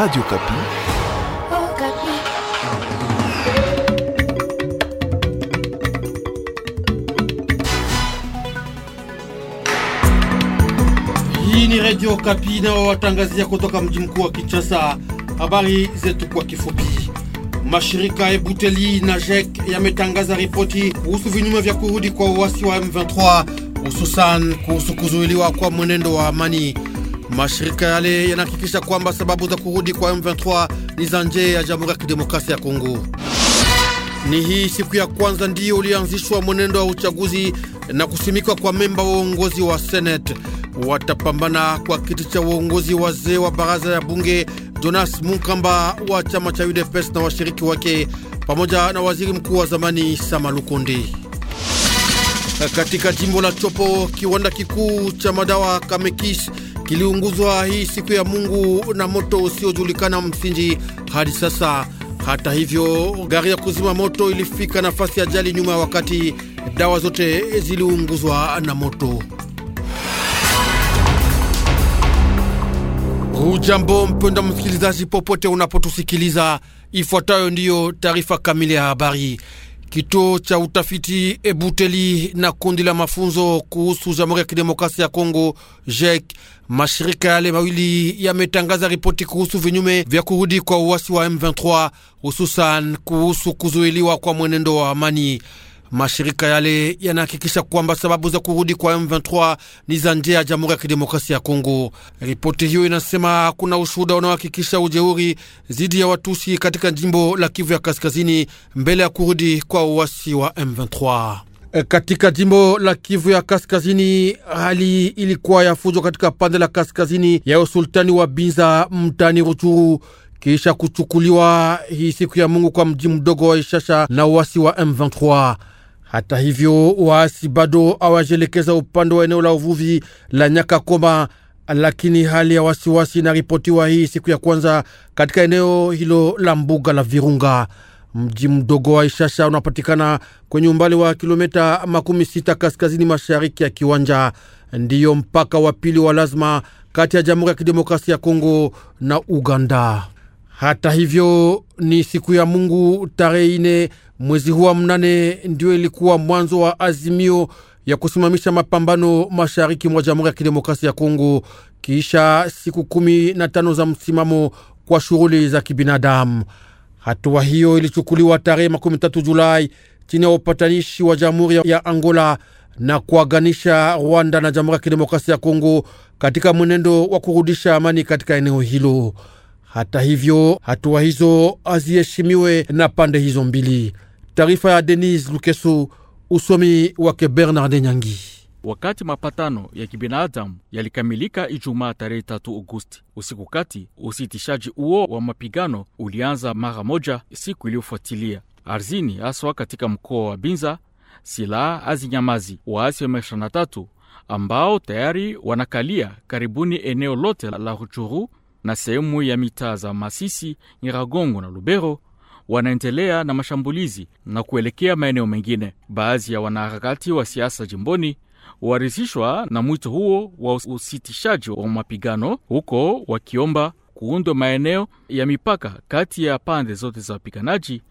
Radio Kapi. Oh, Kapi. Hii ni Radio Kapi na watangazia kutoka mji mkuu wa Kinshasa. Habari zetu kwa kifupi. Mashirika ya Buteli na jek yametangaza ripoti kuhusu vinyume vya kurudi kwa uasi wa M23 hususan kuhusu kuzuiliwa kwa mwenendo wa amani. Mashirika yale yanahakikisha kwamba sababu za kurudi kwa M23 ni za nje ya Jamhuri ya Kidemokrasia ya Kongo. Ni hii siku ya kwanza ndiyo ulianzishwa mwenendo wa uchaguzi na kusimikwa kwa memba wa uongozi wa Senate. Watapambana kwa kiti cha uongozi wazee wa baraza ya bunge Jonas Munkamba wa chama cha UDPS na washiriki wake pamoja na waziri mkuu wa zamani Sama Lukundi. Katika jimbo la Chopo, kiwanda kikuu cha madawa Kamekis kiliunguzwa hii siku ya Mungu na moto usiojulikana msingi hadi sasa. Hata hivyo, gari ya kuzima moto ilifika nafasi ya ajali nyuma ya wakati. Dawa zote ziliunguzwa na moto. ujambo mpenda msikilizaji, popote unapotusikiliza, ifuatayo ndiyo taarifa kamili ya habari. Kituo cha utafiti Ebuteli na kundi la mafunzo kuhusu Jamhuri ya Kidemokrasia ya Kongo JEC, mashirika yale mawili yametangaza ripoti kuhusu vinyume vya kurudi kwa uasi wa M23, hususan kuhusu kuzuiliwa kwa mwenendo wa amani. Mashirika yale yanahakikisha kwamba sababu za kurudi kwa M23 ni za nje ya Jamhuri ya Kidemokrasia ya Kongo. Ripoti hiyo inasema kuna ushuhuda unaohakikisha ujeuri dhidi ya Watusi katika jimbo la Kivu ya Kaskazini mbele ya kurudi kwa uasi wa M23. E, katika jimbo la Kivu ya Kaskazini, hali ilikuwa ya fujo katika pande la kaskazini ya usultani wa Binza mtani Ruchuru kisha kuchukuliwa hii siku ya Mungu kwa mji mdogo wa Ishasha na uasi wa M23. Hata hivyo, waasi bado hawajelekeza upande wa eneo la uvuvi la Nyakakoma, lakini hali ya wasiwasi inaripotiwa hii siku ya kwanza katika eneo hilo la mbuga la Virunga. Mji mdogo wa Ishasha unapatikana kwenye umbali wa kilomita makumi sita kaskazini mashariki ya Kiwanja, ndiyo mpaka wa pili wa lazima kati ya Jamhuri ya Kidemokrasia ya Kongo na Uganda. Hata hivyo ni siku ya Mungu tarehe ine mwezi huwa mnane ndiyo ilikuwa mwanzo wa azimio ya kusimamisha mapambano mashariki mwa Jamhuri ya Kidemokrasia ya Kongo kisha siku kumi na tano za msimamo kwa shughuli za kibinadamu. Hatua hiyo ilichukuliwa tarehe makumi tatu Julai chini ya upatanishi wa Jamhuri ya Angola na kuaganisha Rwanda na Jamhuri ya Kidemokrasia ya Kongo katika mwenendo wa kurudisha amani katika eneo hilo. Hata hivyo, hatua hizo haziheshimiwe na pande hizo mbili. Taarifa ya Denis Lukesu, usomi wake Bernard Nyangi. Wakati mapatano ya kibinadamu yalikamilika Ijumaa tarehe 3 Agosti usiku kati, usitishaji huo wa mapigano ulianza mara moja siku iliyofuatilia arzini, haswa katika mkoa wa Binza. Silaha hazinyamazi. Waasi wa M23 ambao tayari wanakalia karibuni eneo lote la Ruchuru na sehemu ya mitaa za Masisi, Nyiragongo na Lubero wanaendelea na mashambulizi na kuelekea maeneo mengine. Baadhi ya wanaharakati wa siasa jimboni warizishwa na mwito huo wa usitishaji wa mapigano, huko wakiomba kuundwa maeneo ya mipaka kati ya pande zote za wapiganaji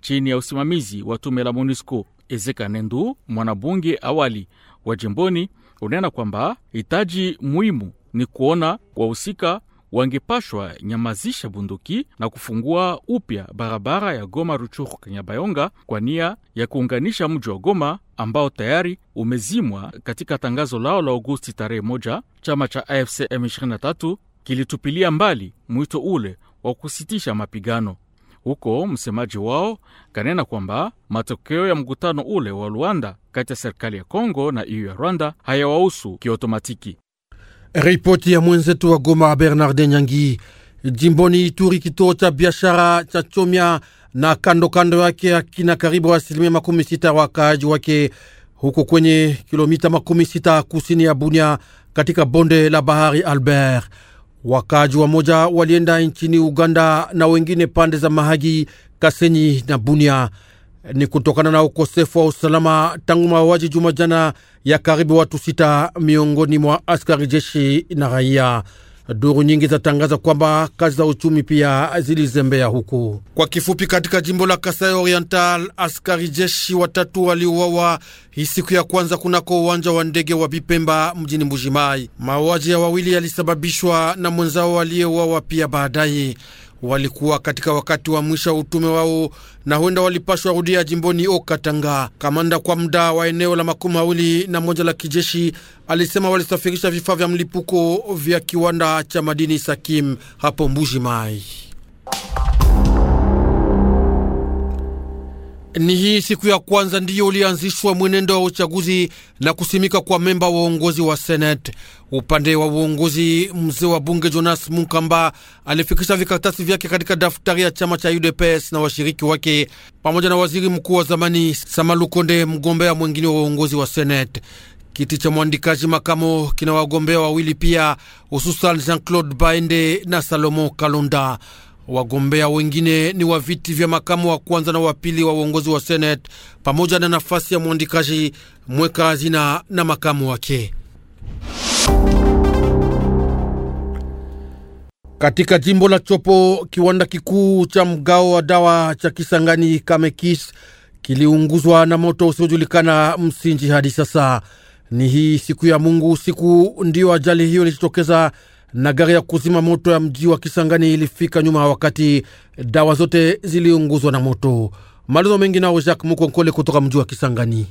chini ya usimamizi wa tume la MONUSCO. Ezeka Nendu, mwanabunge awali wa jimboni, unena kwamba hitaji muhimu ni kuona wahusika wangepashwa nyamazisha bunduki na kufungua upya barabara ya Goma Ruchuru Kanyabayonga kwa nia ya kuunganisha mji wa Goma ambao tayari umezimwa. Katika tangazo lao la Agosti tarehe 1, chama cha AFC M23 kilitupilia mbali mwito ule wa kusitisha mapigano huko. Msemaji wao kanena kwamba matokeo ya mkutano ule wa Luanda kati ya serikali ya Kongo na hiyo e ya Rwanda hayawahusu kiotomatiki. Ripoti ya mwenzetu wa Goma Bernard Nyangi. Jimboni Ituri, kituo cha biashara cha chomia na kando kando yake akina karibu asilimia makumi sita wakaaji wake huko kwenye kilomita makumi sita kusini ya Bunya katika bonde la bahari Albert. Wakaaji wa moja walienda nchini Uganda na wengine pande za Mahagi, Kasenyi na Bunya ni kutokana na ukosefu wa usalama tangu mauaji juma jana ya karibu watu sita miongoni mwa askari jeshi na raia. Duru nyingi zatangaza kwamba kazi za uchumi pia zilizembea huku. Kwa kifupi, katika jimbo la Kasai Oriental askari jeshi watatu waliuawa hii siku ya kwanza kunako uwanja wa ndege wa Bipemba mjini Mbujimai. Mauaji ya wawili yalisababishwa na mwenzao aliyeuawa pia baadaye walikuwa katika wakati wa mwisho wa utume wao na huenda walipashwa rudia jimboni Okatanga. Kamanda kwa muda wa eneo la makumi mawili na moja la kijeshi alisema walisafirisha vifaa vya mlipuko vya kiwanda cha madini Sakim hapo Mbuji Mai. Ni hii siku ya kwanza ndiyo ulianzishwa mwenendo wa uchaguzi na kusimika kwa memba wa uongozi wa senate Upande wa uongozi, mzee wa bunge Jonas Munkamba alifikisha vikaratasi vyake katika daftari ya chama cha UDPS na washiriki wake pamoja na waziri mkuu wa zamani Samalukonde, mgombea mwengine wa uongozi wa senate Kiti cha mwandikaji makamo kina wagombea wawili pia, hususan Jean Claude Baende na Salomo Kalonda. Wagombea wengine ni wa viti vya makamu wa kwanza na wa pili wa uongozi wa seneti pamoja na nafasi ya mwandikaji mweka hazina na makamu wake. Katika jimbo la Chopo, kiwanda kikuu cha mgao wa dawa cha Kisangani Kamekis kiliunguzwa na moto usiojulikana msingi hadi sasa. Ni hii siku ya Mungu usiku ndiyo ajali hiyo ilijitokeza na gari ya kuzima moto ya mji wa Kisangani ilifika nyuma ya wakati, dawa zote ziliunguzwa na moto. Malizo mengi nao Jacques Mukonkole kutoka mji wa Kisangani.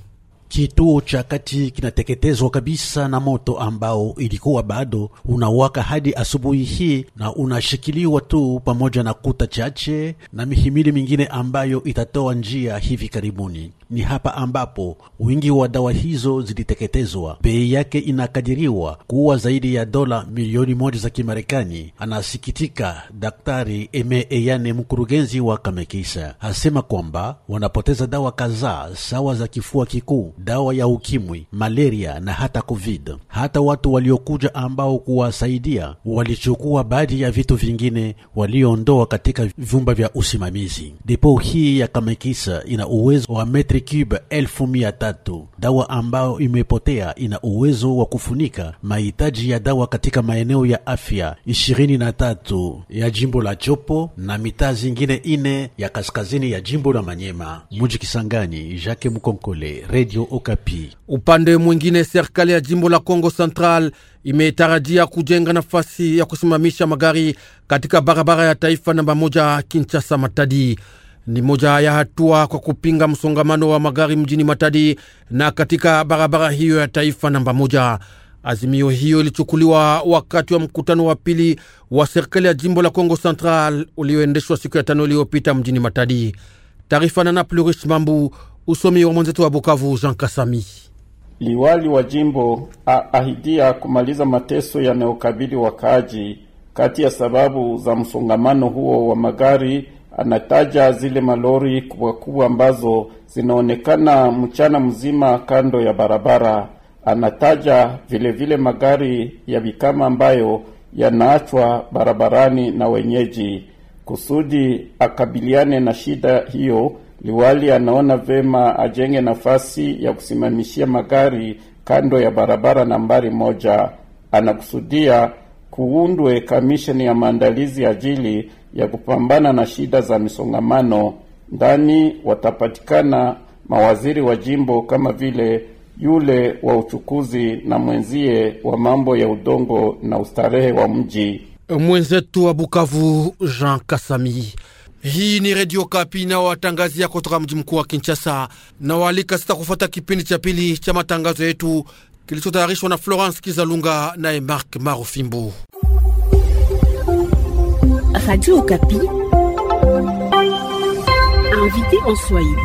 Kituo cha kati kinateketezwa kabisa na moto ambao ilikuwa bado unawaka hadi asubuhi hii, na unashikiliwa tu pamoja na kuta chache na mihimili mingine ambayo itatoa njia hivi karibuni. Ni hapa ambapo wingi wa dawa hizo ziliteketezwa. Bei yake inakadiriwa kuwa zaidi ya dola milioni moja za Kimarekani. Anasikitika Daktari Eme Eyane, mkurugenzi wa kamekisa asema kwamba wanapoteza dawa kadhaa sawa za kifua kikuu, dawa ya ukimwi, malaria na hata COVID. Hata watu waliokuja ambao kuwasaidia walichukua baadhi ya vitu vingine waliondoa katika vyumba vya usimamizi. Depo hii ya Kamekisa ina uwezo wa metri Vijicube elfu mia tatu dawa ambayo imepotea ina uwezo wa kufunika mahitaji ya dawa katika maeneo ya afya ishirini na tatu ya jimbo la Chopo na mitaa zingine ine ya kaskazini ya jimbo la Manyema. Muji Kisangani, Jacques Mukonkole, Radio Okapi. Upande mwingine, serikali ya jimbo la Kongo Central imetarajia kujenga nafasi ya kusimamisha magari katika barabara ya taifa namba moja Kinshasa Matadi ni moja ya hatua kwa kupinga msongamano wa magari mjini Matadi na katika barabara hiyo ya taifa namba moja. Azimio hiyo ilichukuliwa wakati wa mkutano wa pili wa serikali ya jimbo la congo Central ulioendeshwa siku ya tano iliyopita mjini Matadi. Taarifa na Napluris Mambu, usomi wa mwenzetu wa Bukavu, Jean Kasami. Liwali wa jimbo aahidia kumaliza mateso yanayokabili wakaaji. Kati ya sababu za msongamano huo wa magari Anataja zile malori kubwa kubwa ambazo zinaonekana mchana mzima kando ya barabara. Anataja vilevile vile magari ya vikama ambayo yanaachwa barabarani na wenyeji. Kusudi akabiliane na shida hiyo, liwali anaona vema ajenge nafasi ya kusimamishia magari kando ya barabara nambari moja. Anakusudia kuundwe kamisheni ya maandalizi ajili ya kupambana na shida za misongamano ndani watapatikana mawaziri wa jimbo kama vile yule wa uchukuzi na mwenzie wa mambo ya udongo na ustarehe wa mji. Mwenzetu wa Bukavu, Jean Kasami. Hii ni Redio Kapi inayowatangazia kutoka mji mkuu wa Kinshasa na waalika sita kufuata kipindi cha pili cha matangazo yetu kilichotayarishwa na Florence Kizalunga naye Mark marufimbu Radio Okapi. Invité en Swahili.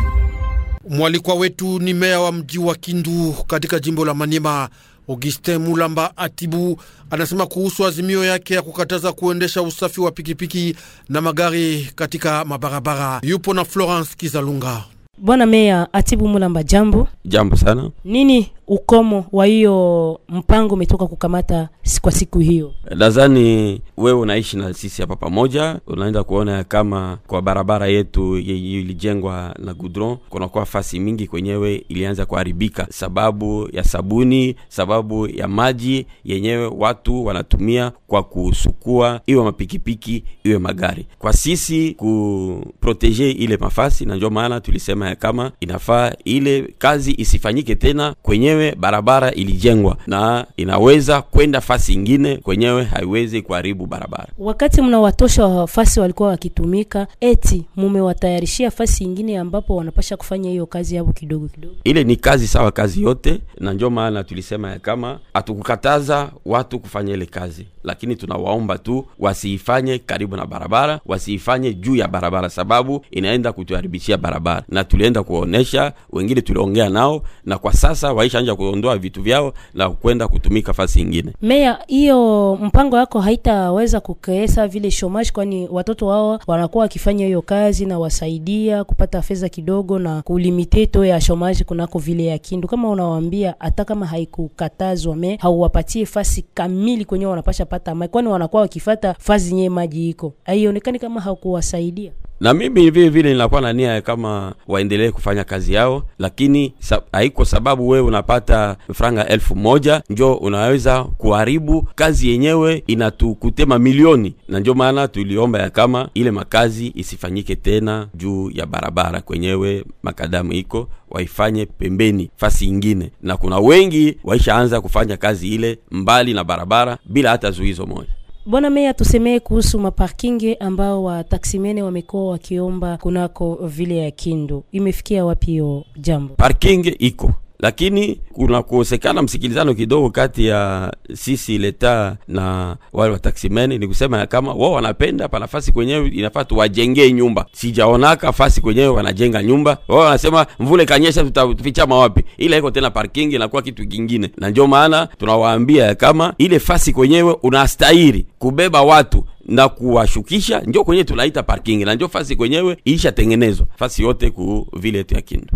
Mwalikwa wetu ni meya wa mji wa Kindu katika jimbo la Maniema, Augustin Mulamba Atibu anasema kuhusu azimio yake ya kukataza kuendesha usafi wa pikipiki na magari katika mabarabara. Yupo na Florence Kizalunga. Bwana Meya Atibu Mulamba, jambo. Jambo sana. Nini ukomo wa hiyo mpango umetoka kukamata kwa siku hiyo? Nadhani wewe unaishi na sisi hapa pamoja, unaenda kuona kama kwa barabara yetu ilijengwa na Gudron kunakuwa fasi mingi kwenyewe ilianza kuharibika sababu ya sabuni, sababu ya maji yenyewe watu wanatumia kwa kusukua, iwe mapikipiki iwe magari. Kwa sisi kuproteje ile mafasi, na ndio maana tulisema ya kama inafaa ile kazi isifanyike tena kwenyewe barabara ilijengwa, na inaweza kwenda fasi ingine kwenyewe haiwezi kuharibu barabara. Wakati mnawatosha wafasi walikuwa wakitumika, eti mumewatayarishia fasi ingine ambapo wanapasha kufanya hiyo kazi yao kidogo kidogo. Ile ni kazi sawa, kazi yote, na ndio maana tulisema ya kama hatukukataza watu kufanya ile kazi, lakini tunawaomba tu wasiifanye karibu na barabara, wasiifanye juu ya barabara, sababu inaenda kutuharibishia barabara na tu tulienda kuonesha, wengine tuliongea nao, na kwa sasa waishaanja kuondoa vitu vyao na kwenda kutumika fasi ingine. Meya, hiyo mpango yako haitaweza kukeesa vile shomaji, kwani watoto wao wanakuwa wakifanya hiyo kazi na wasaidia kupata fedha kidogo na kulimiteto ya shomaji kunako vile ya Kindu, kama unawaambia hata kama haikukatazwa me hauwapatie fasi kamili kwenye wanapasha pata mai kwani wanakuwa wakifata fasi nye maji iko, haionekani kama hakuwasaidia. Na mimi vile vile nilikuwa na nia kama wa waendelee kufanya kazi yao, lakini haiko sa, sababu wewe unapata franga elfu moja njo unaweza kuharibu kazi yenyewe inatukutema milioni, na njo maana tuliomba ya kama ile makazi isifanyike tena juu ya barabara kwenyewe makadamu iko waifanye pembeni fasi ingine, na kuna wengi waishaanza kufanya kazi ile mbali na barabara bila hata zuizo moja. Bwana Meya, tusemee kuhusu maparkinge ambao wataksimene wamekuwa wakiomba kunako vile ya Kindu, imefikia wapi hiyo jambo? Parking iko lakini kuna kuosekana msikilizano kidogo kati ya sisi leta na wale wataksimeni. Ni kusema kama wao wanapenda pa nafasi kwenyewe inafaa tuwajengee nyumba, sijaonaka fasi kwenyewe wanajenga nyumba. Wao wanasema mvule kanyesha, tutaficha mawapi? Ile iko tena parking inakuwa kitu kingine, na ndio maana tunawaambia kama ile fasi kwenyewe unastahili kubeba watu na kuwashukisha njo kwenye tunaita parking, na ndio fasi kwenyewe ilishatengenezwa fasi yote ku vile ya Kindu.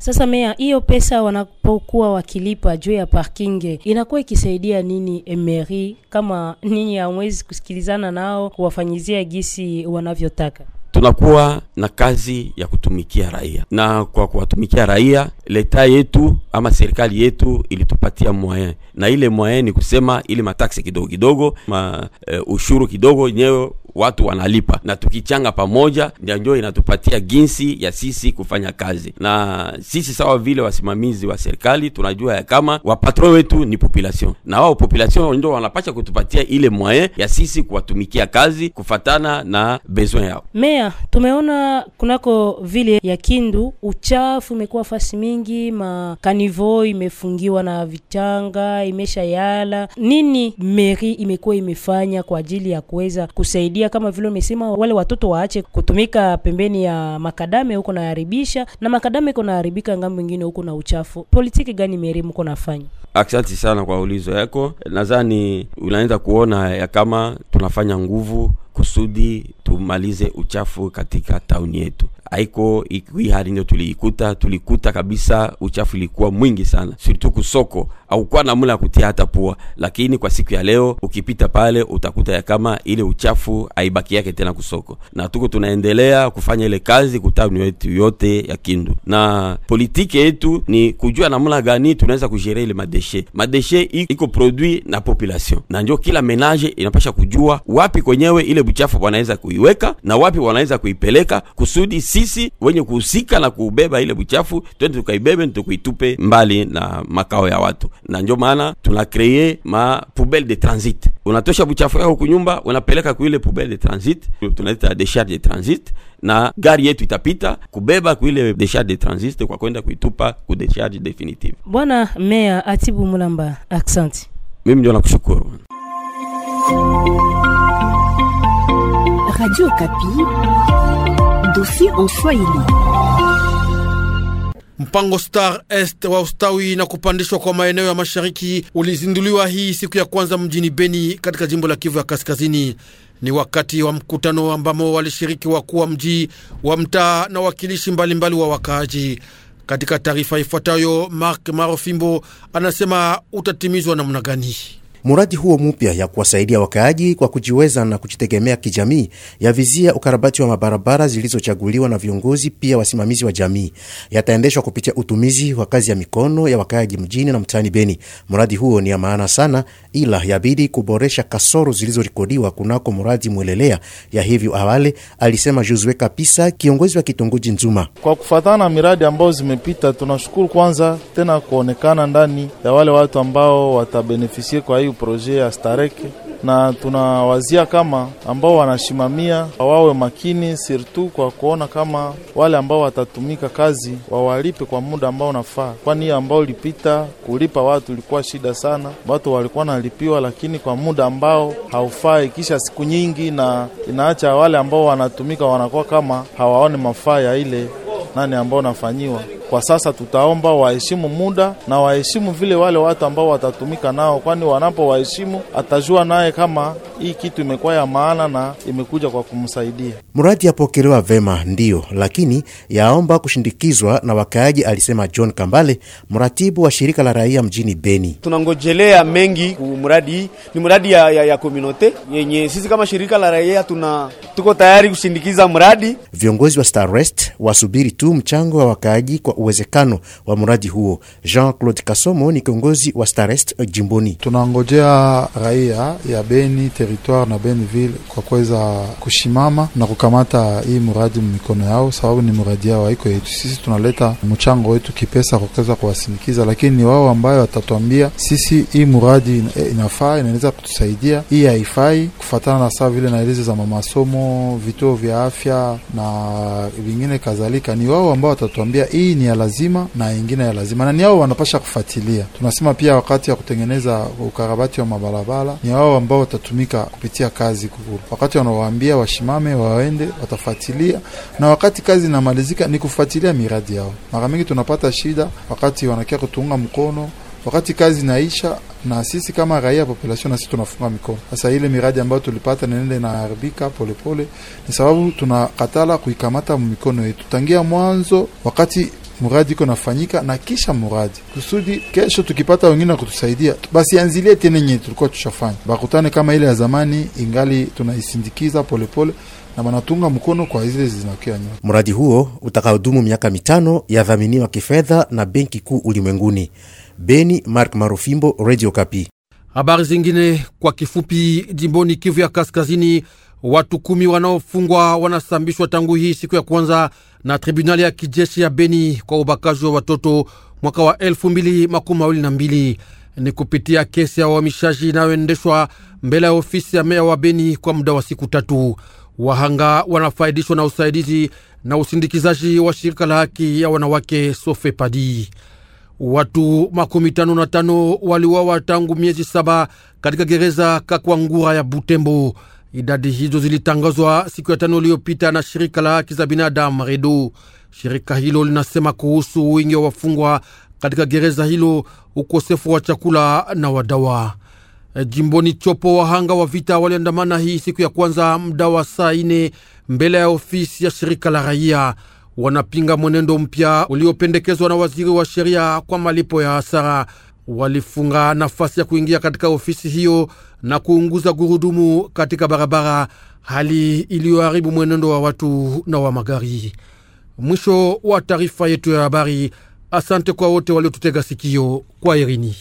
Sasa mea, hiyo pesa wanapokuwa wakilipa juu ya parking inakuwa ikisaidia nini emeri, kama ninyi hamwezi kusikilizana nao kuwafanyizia gisi wanavyotaka? tunakuwa na kazi ya kutumikia raia, na kwa kuwatumikia raia leta yetu ama serikali yetu ilitupatia moyen, na ile moyen ni kusema ili mataksi kidogo kidogo ma, e, ushuru kidogo yenyewe watu wanalipa, na tukichanga pamoja ndio inatupatia ginsi ya sisi kufanya kazi. Na sisi sawa vile wasimamizi wa serikali tunajua ya kama wapatron wetu ni population, na wao population ndio wanapasha kutupatia ile moyen ya sisi kuwatumikia kazi kufatana na besoin yao Meya, tumeona kunako vile ya Kindu uchafu umekuwa fasi mingi, makanivo imefungiwa na vichanga imesha yala. Nini meri imekuwa imefanya kwa ajili ya kuweza kusaidia, kama vile umesema wale watoto waache kutumika pembeni ya makadame huko naharibisha na makadame iko naharibika, ngambo ingine huko na uchafu. Politiki gani meri mko nafanya? Asante sana kwa ulizo yako, nadhani unaweza kuona ya kama tunafanya nguvu kusudi tumalize uchafu katika tauni yetu haiko hii hali ndio tuliikuta, tulikuta kabisa uchafu ilikuwa mwingi sana, surtu kusoko au kwa namna ya kutia hata pua. Lakini kwa siku ya leo ukipita pale utakuta ya kama ile uchafu haibaki yake tena kusoko, na tuko tunaendelea kufanya ile kazi kutani yetu yote ya Kindu, na politiki yetu ni kujua namula gani tunaweza kujere ile madeshe. Madeshe iko produit na population, na ndio kila menage inapasha kujua wapi kwenyewe ile buchafu wanaweza kuiweka na wapi wanaweza kuipeleka kusudi si sisi wenye kuhusika na kubeba ile buchafu, twende tukaibebe, tukuitupe mbali na makao ya watu, na ndio maana tuna kree ma poubelle de transit. Unatosha buchafu yako kunyumba, unapeleka kuile poubelle de transit, tunaita décharge de transit, na gari yetu itapita kubeba kuile décharge de transit kwa kwenda kuitupa ku décharge definitive. Bwana Meya Atibu Mulamba, accent Mimi ndio nakushukuru. Radio Kapi, dossier en Swahili. Mpango Star Est wa ustawi na kupandishwa kwa maeneo ya mashariki ulizinduliwa hii siku ya kwanza mjini Beni katika jimbo la Kivu ya Kaskazini. Ni wakati wa mkutano ambamo walishiriki wakuu wa mji wa mtaa na wakilishi mbalimbali wa wakaaji. Katika taarifa ifuatayo, Mark Marofimbo anasema utatimizwa namna gani? Muradi huo mupya ya kuwasaidia wakaaji kwa kujiweza na kujitegemea kijamii yavizia ukarabati wa mabarabara zilizochaguliwa na viongozi pia wasimamizi wa jamii, yataendeshwa kupitia utumizi wa kazi ya mikono ya wakaaji mjini na mtaani Beni. Muradi huo ni ya maana sana, ila yabidi kuboresha kasoro zilizorekodiwa kunako muradi mwelelea ya hivi awali, alisema Josue Kapisa, kiongozi wa kitongoji Nzuma. Kwa na miradi ambayo zimepita, tunashukuru kwanza tena kuonekana ndani ya wale watu ambao watabenefisie kwa hiyo hii proje ya Stareke na tunawazia kama ambao wanashimamia wawe makini sirtu kwa kuona kama wale ambao watatumika kazi wawalipe kwa muda ambao unafaa, kwani hiyo ambao lipita kulipa watu ilikuwa shida sana. Watu walikuwa nalipiwa lakini kwa muda ambao haufai, kisha siku nyingi, na inaacha wale ambao wanatumika wanakuwa kama hawaone mafaa ya ile nani ambao nafanyiwa kwa sasa tutaomba waheshimu muda na waheshimu vile wale watu ambao watatumika nao, kwani wanapo waheshimu atajua naye kama hii kitu imekuwa ya maana na imekuja kwa kumsaidia. Mradi yapokelewa vema, ndiyo, lakini yaomba kushindikizwa na wakaaji, alisema John Kambale, mratibu wa shirika la raia mjini Beni. Tunangojelea mengi ku mradi hii, ni mradi ya, ya, ya kominote yenye sisi kama shirika la raia tuna tuko tayari kushindikiza mradi. Viongozi wa Starrest wasubiri tu mchango wa wakaaji kwa uwezekano wa mradi huo. Jean Claude Kasomo ni kiongozi wa Starest jimboni. Tunangojea raia ya Beni territoire na ville kwa kuweza kushimama na kukamata hii mradi mumikono yao, sababu ni mradi yao, haiko yetu sisi. Tunaleta mchango wetu kipesa kwa kuweza kuwasinikiza, lakini ni wao ambayo watatuambia sisi hii mradi inafaa, inaweza kutusaidia, hii haifai, kufatana na saa vile naelezi za mamasomo, vituo vya afya na vingine kadhalika. Ni wao ambao watatuambia hii ni ya lazima na ingine ya lazima, na ni hao wanapasha kufuatilia. Tunasema pia wakati ya kutengeneza ukarabati wa mabarabara ni hao ambao watatumika kupitia kazi kukuru. Wakati wanawaambia washimame waende, watafuatilia, na wakati kazi inamalizika ni kufuatilia miradi yao. Mara mingi tunapata shida wakati wanakia kutuunga mkono wakati kazi inaisha na sisi kama raia population, na sisi tunafunga mikono. Sasa ile miradi ambayo tulipata nende inaharibika polepole, ni sababu tunakatala kuikamata mikono yetu tangia mwanzo wakati muradi iko nafanyika na kisha muradi kusudi kesho tukipata wengine kutusaidia basi anzilie tena yenye tulikuwa tushafanya, bakutane kama ile ya zamani, ingali tunaisindikiza polepole na wanatunga mkono kwa zile zinakia nyuma. Mradi huo utakaodumu miaka mitano yadhaminiwa kifedha na Benki Kuu Ulimwenguni. Beni, Mark Marufimbo, Radio Kapi. Habari zingine kwa kifupi. Jimboni Kivu ya Kaskazini, watu kumi wanaofungwa wanasambishwa tangu hii siku ya kwanza na tribunali ya kijeshi ya Beni kwa ubakaji wa watoto mwaka wa mbili ni kupitia kesi ya uhamishaji inayoendeshwa mbele ya ofisi ya meya wa Beni kwa muda wa siku tatu. Wahanga wanafaidishwa na usaidizi na usindikizaji wa shirika la haki ya wanawake Sofepadi. Watu makumi tano na tano waliwawa tangu miezi saba katika gereza Kakwangura ya Butembo. Idadi hizo zilitangazwa siku ya tano iliyopita na shirika la haki za binadamu Redo. Shirika hilo linasema kuhusu wingi wa wafungwa katika gereza hilo, ukosefu wa chakula na wadawa. E, jimboni Chopo, wahanga wa vita waliandamana hii siku ya kwanza mda wa saa ine mbele ya ofisi ya shirika la raia. Wanapinga mwenendo mpya uliopendekezwa na waziri wa sheria kwa malipo ya hasara. Walifunga nafasi ya kuingia katika ofisi hiyo na kuunguza gurudumu katika barabara, hali iliyoharibu mwenendo wa watu na wa magari. Mwisho wa taarifa yetu ya habari. Asante kwa wote waliotutega sikio. Kwa herini.